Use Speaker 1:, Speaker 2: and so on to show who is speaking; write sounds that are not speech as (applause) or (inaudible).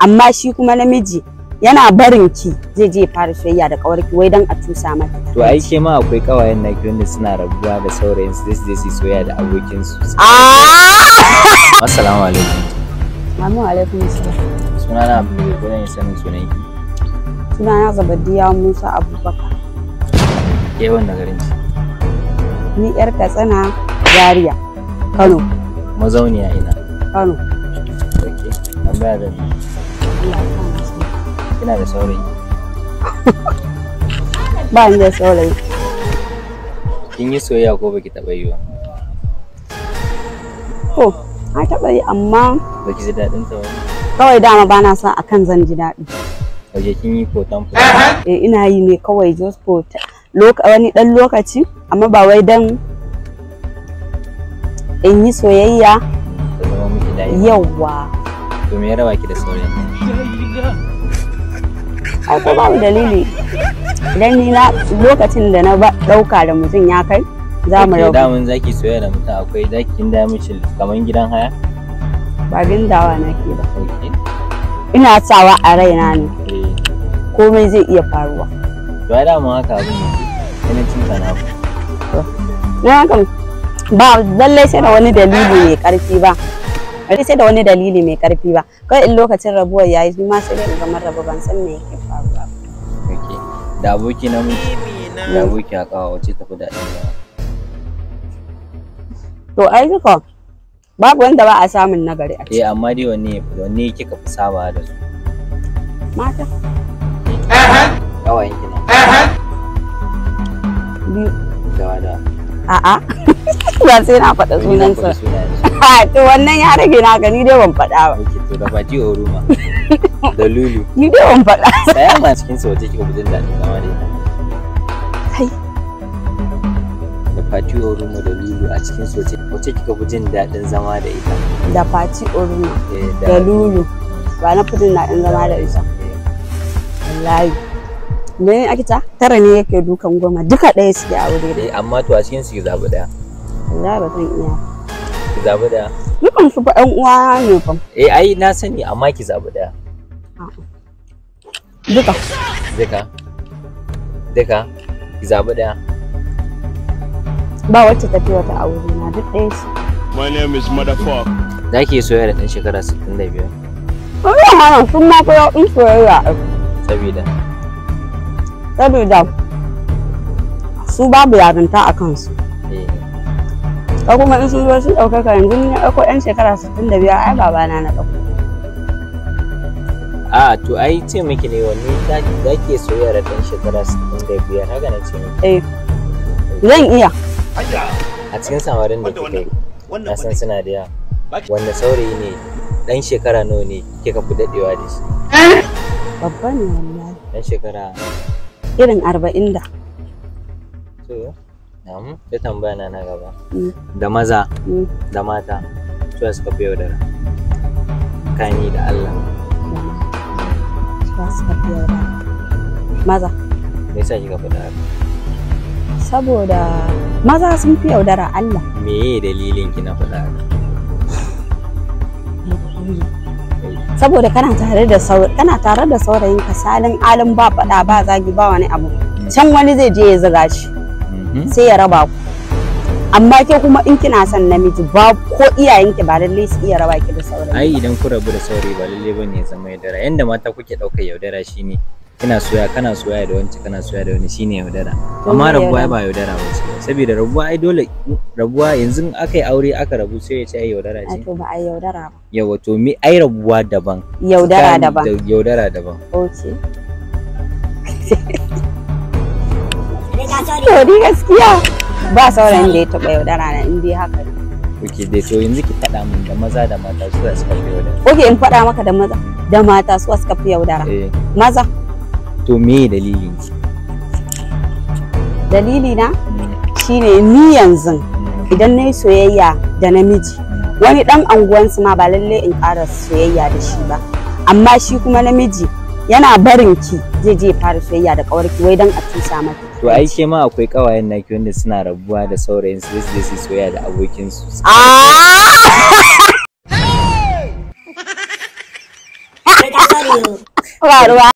Speaker 1: amma shi kuma namiji yana barin ki zai je fara soyayya da kawarki wai dan a tusa mata
Speaker 2: to ai ke ma akwai kawayen na wanda suna rabuwa da saurayin su zai su soyayya da abokin su
Speaker 1: ah!
Speaker 2: assalamu alaikum
Speaker 1: assalamu alaikum
Speaker 2: sunana abu ne ko ne sanin sunan ki
Speaker 1: sunana zabadiya musa abubakar
Speaker 2: ke wannan garin ki ni yar katsina jariya kano mazauniya ina kano Allah da Kina da saurayi.
Speaker 1: (laughs) Ba ni da saurayi.
Speaker 2: Kin yi soyayya ko baki taɓa yi ba?
Speaker 1: To, na taɓa yi amma.
Speaker 2: Baki ji daɗin ta ba?
Speaker 1: Kawai dama ba na son akan zan ji daɗi.
Speaker 2: Waje kin yi fotan
Speaker 1: fotan? Eh ina yi ne kawai just for wani ɗan lokaci amma ba wai dan in yi soyayya yawwa.
Speaker 2: to me ya raba ki da sauran akwai babu dalili
Speaker 1: idan ni na lokacin da na dauka da mutum ya kai za mu rabu damun
Speaker 2: zaki soya da mutum akwai zaki kin da mishi kaman gidan haya ba dawa na ke ba
Speaker 1: ina sawa a raina ne eh. komai zai iya faruwa
Speaker 2: to ai damun haka abin ne ina cin kana ku
Speaker 1: na kam ba lallai sai da wani dalili mai karfi ba bai sai da wani dalili mai karfi ba kai in lokacin rabuwar yayi ni ma sai da gamar
Speaker 2: rabu ban san me yake faruwa da aboki na mu da aboki a kawo wace tafi da daɗin ba
Speaker 1: to ai duka babu wanda ba a samun nagari a
Speaker 2: ciki eh amma dai wanne wanne kika fi saba da su mata eh aha kawai kina
Speaker 1: eh biyu da wada a'a (laughs) ba sai na faɗa sunansa
Speaker 2: to wannan ya rage na ga ni dai ban faɗa ba to da baki oruma da lulu (laughs) ni dai ban faɗa saya ma cikin sa wace kika bijin daɗin zama da kai da fati oruma da lulu a cikin sa wace wace kika bijin daɗin zama da ita da fati oruma eh, da lulu ba
Speaker 1: na fitin daɗin zama da ita wallahi me ake ta tara ne yake dukan goma duka ɗaya suke a wuri eh,
Speaker 2: amma to a cikin su ki zaɓi ɗaya
Speaker 1: wallahi ba zan iya
Speaker 2: ki zabi daya dukan su fa ɗan uwa ne fa eh ai na sani amma ki zabi ɗaya. duka duka duka ki zabi ɗaya.
Speaker 1: ba wacce tafi wata aure na duk ɗaya
Speaker 2: shi my name is motherfuck da ke soyayya da ɗan shekara 65
Speaker 1: wannan malam sun ma fi yauɗin soyayya sabida sabida su babu yarinta a kansu ka kuma in su zo sun ɗaukaka yanzu ni ɗauko ɗan shekara 65 ai babana na ɗauko
Speaker 2: a to ai ce miki ne wanne za ki soyayya da ɗan shekara 65 haka na ce miki eh zan iya a cikin samarin da kika yi na san suna da yawa wanda saurayi ne ɗan shekara nawa ne kika fi daɗewa da shi
Speaker 1: Babban ne wallahi ɗan shekara irin arba'in da
Speaker 2: sai tambaya na na gaba mm. da maza mm. da mata su suka fi yaudara kani da Allah
Speaker 1: su suka fi yaudara maza me yasa kika faɗa haka saboda maza sun fi yaudara Allah
Speaker 2: Me meye dalilin ki na faɗa haka
Speaker 1: saboda kana tare da kana tare da saurayin ka salin alin ba faɗa ba zagi ba wani abu mm. can wani zai je ya zaga shi Hmm? sai ya raba ku amma ke kuma in kina son namiji ba ko iyayenki ba lalle su iya raba ki da saurayi
Speaker 2: ai idan ku rabu da saurayi ba lalle bane ya zama yaudara yanda mata kuke daukar yaudara shine kina soya kana soya da wanci kana soya da wani shine yaudara amma rabuwa ba yaudara ba ce saboda rabuwa ai dole rabuwa yanzu aka yi aure aka rabu sai ya ce ai yaudara ce
Speaker 1: to ba ai yaudara ba
Speaker 2: yawa to me ai rabuwa daban yaudara daban yaudara daban okay (laughs)
Speaker 1: To ni gaskiya ba sauran da ya taɓa yaudara na in dai haka ne.
Speaker 2: Ok dai to yanzu ki faɗa min da maza da mata su da suka fi yaudara.
Speaker 1: Ok in faɗa maka da maza da mata su suka fi yaudara.
Speaker 2: Eh. Maza. To me dalilin ki?
Speaker 1: Dalili na mm. shine ni yanzu mm. idan na yi soyayya da namiji mm. wani ɗan anguwansu ma ba lalle in ƙara soyayya da shi ba amma shi kuma namiji yana barin ki zai je fara soyayya da ƙawarki wai don a tusa mata
Speaker 2: to ai ke ma akwai kawayen naki wanda suna rabuwa da saurayin su su su soya da abokin su
Speaker 1: ah!